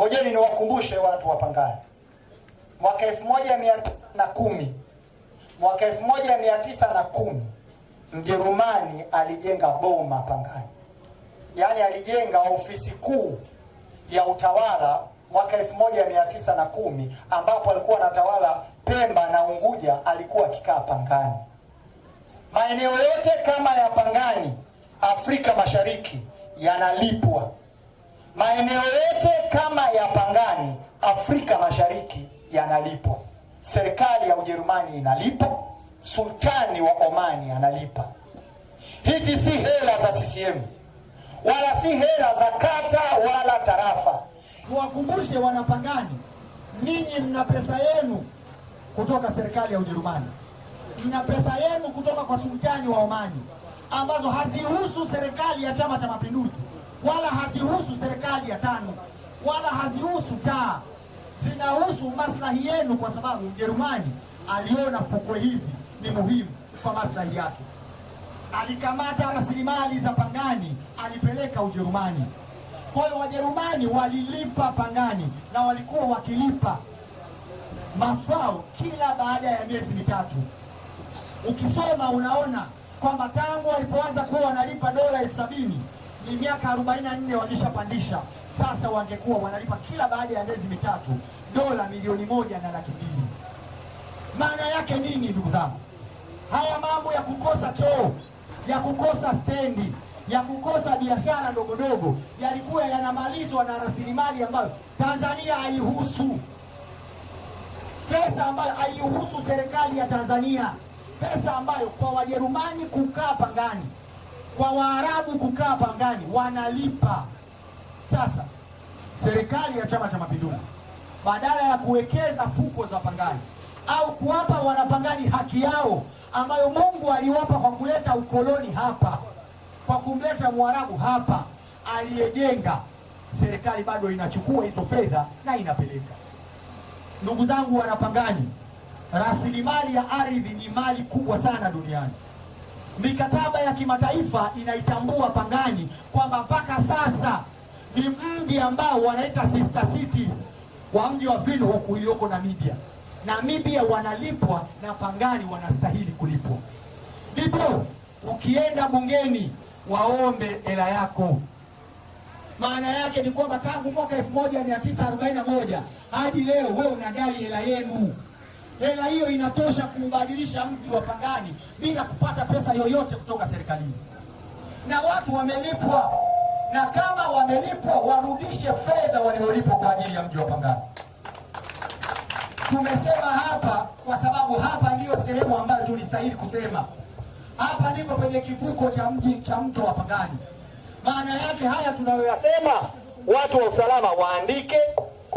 Ngojeni niwakumbushe watu wa Pangani, mwaka elfu moja mia tisa na kumi mwaka elfu moja mia tisa na kumi Mjerumani alijenga boma Pangani, yaani alijenga ofisi kuu ya utawala mwaka elfu moja mia tisa na kumi ambapo alikuwa anatawala Pemba na Unguja, alikuwa akikaa Pangani. Maeneo yote kama ya Pangani Afrika Mashariki yanalipwa maeneo yote kama ya Pangani Afrika Mashariki yanalipo. Serikali ya Ujerumani inalipa, sultani wa Omani analipa. Hizi si hela za CCM wala si hela za kata wala tarafa. Niwakumbushe wanapangani, ninyi mna pesa yenu kutoka serikali ya Ujerumani, mna pesa yenu kutoka kwa sultani wa Omani ambazo hazihusu serikali ya Chama cha Mapinduzi wala hazihusu serikali ya tano wala hazihusu taa, zinahusu maslahi yenu, kwa sababu Mjerumani aliona fukwe hizi ni muhimu kwa maslahi yake. Alikamata rasilimali za Pangani alipeleka Ujerumani. Kwa hiyo Wajerumani walilipa Pangani na walikuwa wakilipa mafao kila baada ya miezi mitatu. Ukisoma unaona kwamba tangu walipoanza kuwa wanalipa dola elfu sabini ni miaka 44 wakishapandisha sasa, wangekuwa wanalipa kila baada ya miezi mitatu dola milioni moja na laki mbili. Maana yake nini, ndugu zangu? Haya mambo ya kukosa choo, ya kukosa stendi, ya kukosa biashara ndogo ndogo yalikuwa yanamalizwa na rasilimali ambayo Tanzania haihusu, pesa ambayo haihusu serikali ya Tanzania, pesa ambayo kwa Wajerumani kukaa pangani kwa Waarabu kukaa pangani wanalipa. Sasa serikali ya Chama cha Mapinduzi badala ya kuwekeza fuko za pangani au kuwapa wanapangani haki yao ambayo Mungu aliwapa kwa kuleta ukoloni hapa, kwa kumleta Mwarabu hapa aliyejenga, serikali bado inachukua hizo fedha na inapeleka. Ndugu zangu wanapangani, rasilimali ya ardhi ni mali kubwa sana duniani mikataba ya kimataifa inaitambua Pangani kwamba mpaka sasa ni mji ambao wanaita sister cities wa mji wa Windhoek ulioko Namibia. Namibia wanalipwa na Pangani wanastahili kulipwa. Ndipo ukienda bungeni waombe hela yako. Maana yake ni kwamba tangu mwaka 1941 hadi leo wewe unadai hela yenu. Hela hiyo inatosha kuubadilisha mji wa Pangani bila kupata pesa yoyote kutoka serikalini, na watu wamelipwa, na kama wamelipwa warudishe fedha waliolipwa kwa ajili ya mji wa Pangani. Tumesema hapa kwa sababu hapa ndiyo sehemu ambayo tulistahili kusema. Hapa ndipo kwenye kivuko cha mji cha mto wa Pangani. Maana yake haya tunayoyasema, watu wa usalama waandike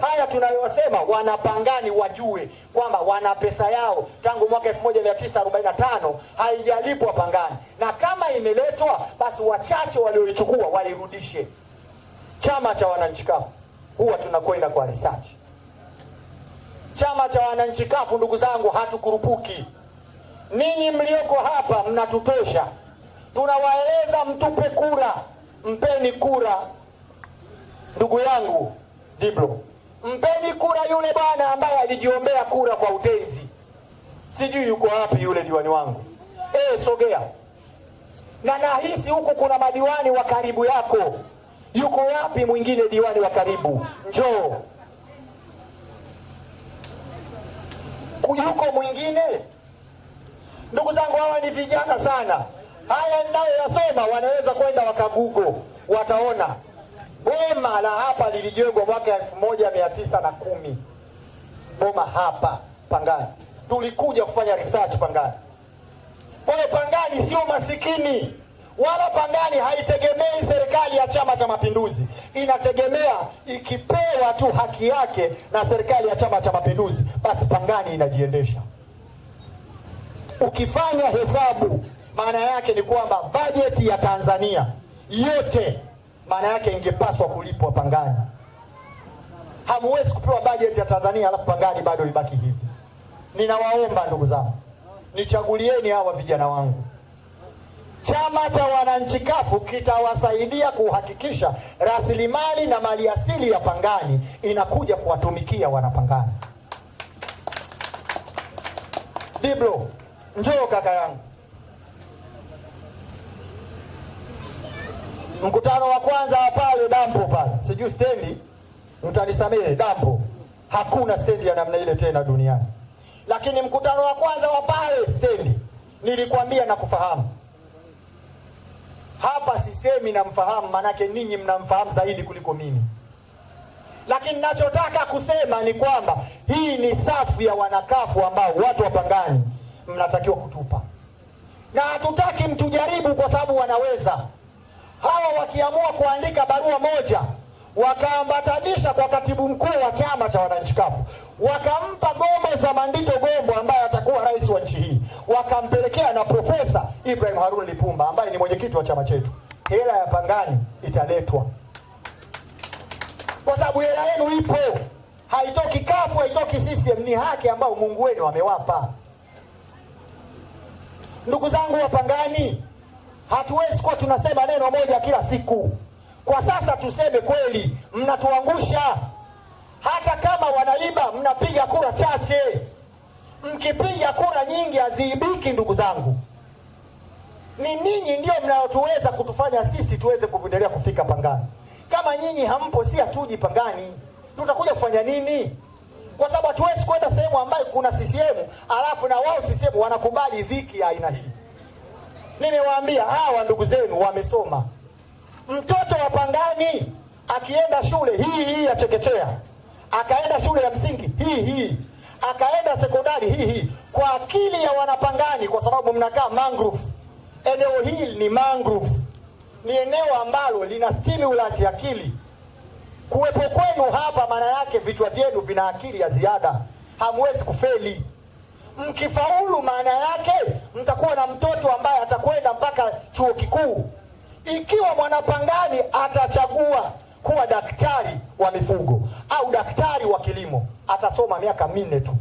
haya tunayosema, wanapangani wajue kwamba wana pesa yao tangu mwaka 1945 haijalipwa Pangani, na kama imeletwa basi wachache walioichukua wairudishe. Chama cha wananchi kafu huwa tunakwenda kwa research. Chama cha wananchi kafu, ndugu zangu, hatukurupuki. Ninyi mlioko hapa mnatutosha, tunawaeleza mtupe kura, mpeni kura. Ndugu yangu Diblo. Mpeni kura yule bwana ambaye alijiombea kura kwa utezi. Sijui yuko wapi yule diwani wangu. Eh, sogea. Na nahisi huku kuna madiwani wa karibu yako. Yuko wapi mwingine diwani wa karibu? Njoo. Yuko mwingine? Ndugu zangu, hawa ni vijana sana. Haya ninayoyasoma wanaweza kwenda wakagugo, wataona. Boma la hapa lilijengwa mwaka elfu moja mia tisa na kumi. Boma hapa Pangani, tulikuja kufanya research Pangani. Kwa hiyo Pangani sio masikini wala Pangani haitegemei serikali ya Chama cha Mapinduzi, inategemea ikipewa tu haki yake na serikali ya Chama cha Mapinduzi, basi Pangani inajiendesha. Ukifanya hesabu, maana yake ni kwamba bajeti ya Tanzania yote maana yake ingepaswa kulipwa Pangani. Hamuwezi kupewa bajeti ya Tanzania alafu Pangani bado libaki hivi. Ninawaomba ndugu zangu, nichagulieni hawa vijana wangu. Chama cha Wananchi kafu kitawasaidia kuhakikisha rasilimali na maliasili ya Pangani inakuja kuwatumikia Wanapangani. Diblo, njoo kaka yangu. mkutano wa kwanza wa pale dampo pale, sijui stendi, mtanisamehe, dampo, hakuna stendi ya namna ile tena duniani. Lakini mkutano wa kwanza wa pale stendi nilikwambia na kufahamu hapa, sisemi namfahamu, manake ninyi mnamfahamu zaidi kuliko mimi, lakini nachotaka kusema ni kwamba hii ni safu ya wanakafu ambao watu wapangani mnatakiwa kutupa, na hatutaki mtujaribu, kwa sababu wanaweza wakiamua kuandika barua moja wakaambatanisha kwa katibu mkuu wa chama cha wananchi kafu wakampa Gombo za Mandito Gombo ambaye atakuwa rais wa nchi hii, wakampelekea na Profesa Ibrahim Harun Lipumba ambaye ni mwenyekiti wa chama chetu. Hela ya Pangani italetwa kwa sababu hela yenu ipo, haitoki kafu, haitoki sisiem Ni haki ambayo Mungu wenu amewapa, ndugu zangu wa Pangani. Hatuwezi kuwa tunasema neno moja kila siku. Kwa sasa tuseme kweli, mnatuangusha. Hata kama wanaiba, mnapiga kura chache. Mkipiga kura nyingi haziibiki, ndugu zangu. Ni ninyi ndio mnaotuweza kutufanya sisi tuweze kuendelea kufika Pangani. Kama nyinyi hampo, si hatuji Pangani, tutakuja kufanya nini? Kwa sababu hatuwezi kwenda sehemu ambayo kuna CCM alafu na wao CCM wanakubali dhiki ya aina hii. Nimewaambia hawa ndugu zenu wamesoma. Mtoto wa Pangani akienda shule hii hii ya chekechea, akaenda shule ya msingi hii hii, akaenda sekondari hii hii, kwa akili ya Wanapangani, kwa sababu mnakaa mangroves. Eneo hili ni mangroves, ni eneo ambalo lina stimulant akili. Kuwepo kwenu hapa, maana yake vichwa vyenu vina akili ya ziada, hamwezi kufeli. Mkifaulu maana yake mtakuwa na mtoto ambaye atakwenda mpaka chuo kikuu. Ikiwa Mwanapangani atachagua kuwa daktari wa mifugo au daktari wa kilimo, atasoma miaka minne tu.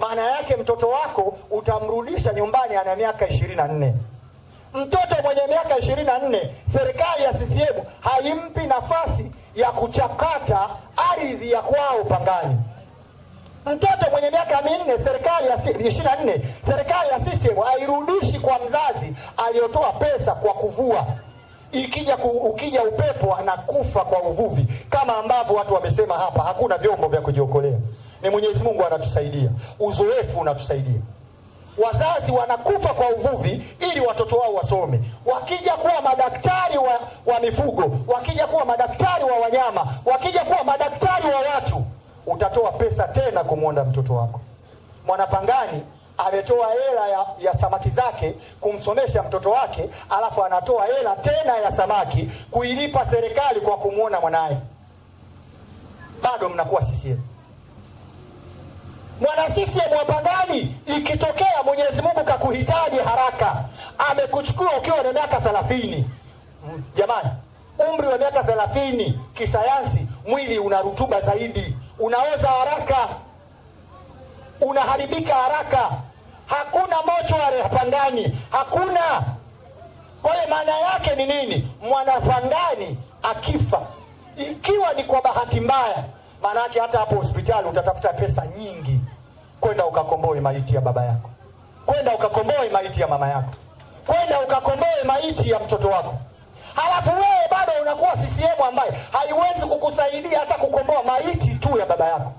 Maana yake mtoto wako utamrudisha nyumbani ana miaka ishirini na nne. Mtoto mwenye miaka ishirini na nne, serikali ya CCM haimpi nafasi ya kuchakata ardhi ya kwao Pangani. Mtoto mwenye miaka minne, serikali ya ishirini na nne, serikali ya CCM hairudishi kwa mzazi aliyotoa pesa kwa kuvua. Ikija ku, ukija upepo anakufa kwa uvuvi, kama ambavyo watu wamesema hapa, hakuna vyombo vya kujiokolea. Ni Mwenyezi Mungu anatusaidia, uzoefu unatusaidia. Wazazi wanakufa kwa uvuvi ili watoto wao wasome. Wakija kuwa madaktari wa, wa mifugo, wakija kuwa madaktari wa wanyama, wakija kuwa madaktari wa watu utatoa pesa tena kumwonda mtoto wako. Mwanapangani ametoa hela ya, ya samaki zake kumsomesha mtoto wake, alafu anatoa hela tena ya samaki kuilipa serikali kwa kumwona mwanaye. Bado mnakuwa CCM. Mwana CCM wa Pangani, ikitokea Mwenyezi Mungu kakuhitaji haraka, amekuchukua ukiwa na miaka thelathini, jamani, umri wa miaka thelathini kisayansi, mwili una rutuba zaidi unaoza haraka, unaharibika haraka, hakuna mochware pandani hakuna. Kwa hiyo maana yake ni nini? mwanapandani akifa, ikiwa ni kwa bahati mbaya, maana yake hata hapo hospitali utatafuta pesa nyingi kwenda ukakomboe maiti ya baba yako, kwenda ukakomboe maiti ya mama yako, kwenda ukakomboe maiti ya mtoto wako halafu wewe bado unakuwa CCM ambaye haiwezi kukusaidia hata kukomboa maiti tu ya baba yako.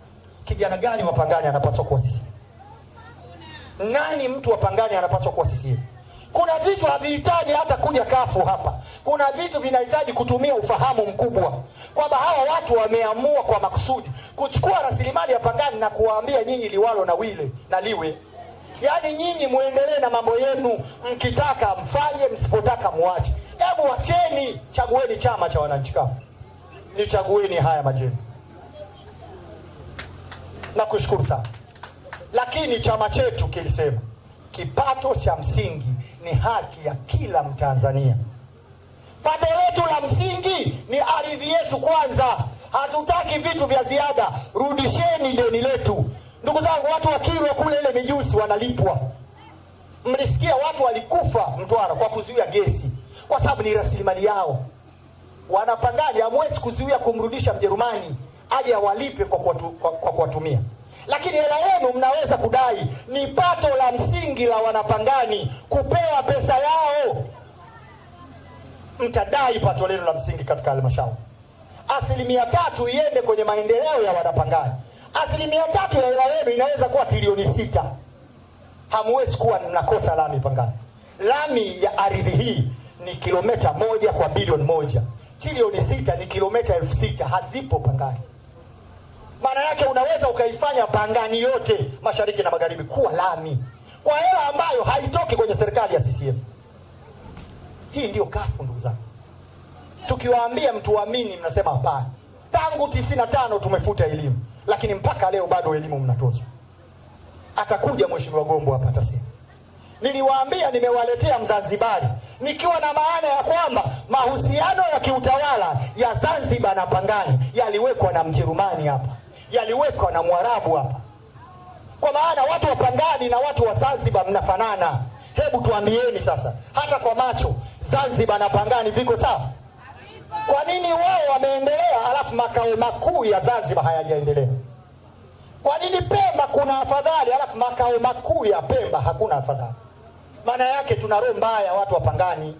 Kijana gani wa Pangani anapaswa kuwa CCM? Nani mtu wa Pangani anapaswa kuwa CCM? Kuna vitu havihitaji hata kuja kafu hapa. Kuna vitu vinahitaji kutumia ufahamu mkubwa kwamba hawa watu wameamua kwa makusudi kuchukua rasilimali ya Pangani na kuwaambia nyinyi Liwalo na wile na Liwe, yaani nyinyi muendelee na mambo yenu, mkitaka mfanye, msipotaka muache adabu, wacheni, chagueni chama cha wananchi kafu, nichagueni haya majeni. Nakushukuru sana, lakini chama chetu kilisema kipato cha msingi ni haki ya kila Mtanzania. Pato letu la msingi ni ardhi yetu kwanza, hatutaki vitu vya ziada. Rudisheni deni letu. Ndugu zangu, watu wa Kilwa kule, ile mijusi wanalipwa. Mlisikia watu walikufa Mtwara kwa kuzuia gesi kwa sababu ni rasilimali yao. Wanapangani hamwezi kuzuia kumrudisha Mjerumani aje awalipe kwa kuwatumia kwa lakini hela yenu mnaweza kudai. Ni pato la msingi la wanapangani kupewa pesa yao. Mtadai pato lenu la msingi katika halmashauri, asilimia tatu iende kwenye maendeleo ya wanapangani. Asilimia tatu ya hela yenu inaweza kuwa trilioni sita. Hamwezi kuwa mnakosa lami Pangani, lami ya ardhi hii ni kilomita moja kwa bilioni moja, trilioni sita ni kilomita elfu sita hazipo Pangani. Maana yake unaweza ukaifanya Pangani yote mashariki na magharibi kuwa lami kwa hela ambayo haitoki kwenye serikali ya CCM. Hii ndiyo kafu, ndugu zangu. Tukiwaambia mtuamini, mnasema hapana. Tangu tisini na tano tumefuta elimu, lakini mpaka leo bado elimu mnatozwa. Atakuja mheshimiwa Gombo hapa atasema, niliwaambia nimewaletea Mzanzibari nikiwa na maana ya kwamba mahusiano ya kiutawala ya Zanzibar na Pangani yaliwekwa na Mjerumani hapa, yaliwekwa na Mwarabu hapa. Kwa maana watu wa Pangani na watu wa Zanzibar mnafanana. Hebu tuambieni sasa, hata kwa macho, Zanzibar na Pangani viko sawa? Kwa nini wao wameendelea, alafu makao makuu ya Zanzibar hayajaendelea? Kwa nini Pemba kuna afadhali, alafu makao makuu ya Pemba hakuna afadhali? Maana yake tuna roho mbaya, watu wapangani.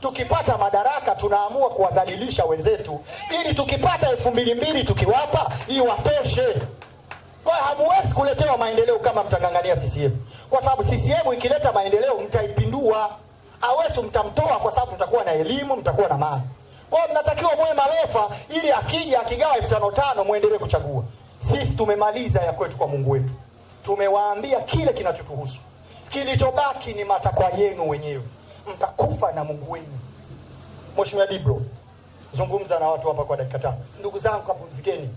Tukipata madaraka tunaamua kuwadhalilisha wenzetu, ili tukipata elfu mbili mbili tukiwapa iwatoshe. Kwa hamuwezi kuletewa maendeleo kama mtangangania CCM, kwa sababu CCM ikileta maendeleo mtaipindua. Awesu mtamtoa, kwa sababu mtakuwa na elimu, mtakuwa na mali. Kwa hiyo mnatakiwa muwe marefa, ili akija akigawa elfu tano tano muendelee kuchagua. Sisi tumemaliza ya kwetu kwa Mungu wetu, tumewaambia kile kinachotuhusu. Kilichobaki ni matakwa yenu wenyewe, mtakufa na Mungu wenu. Mheshimiwa Dibro, zungumza na watu hapa kwa dakika tano. Ndugu zangu, kapumzikeni.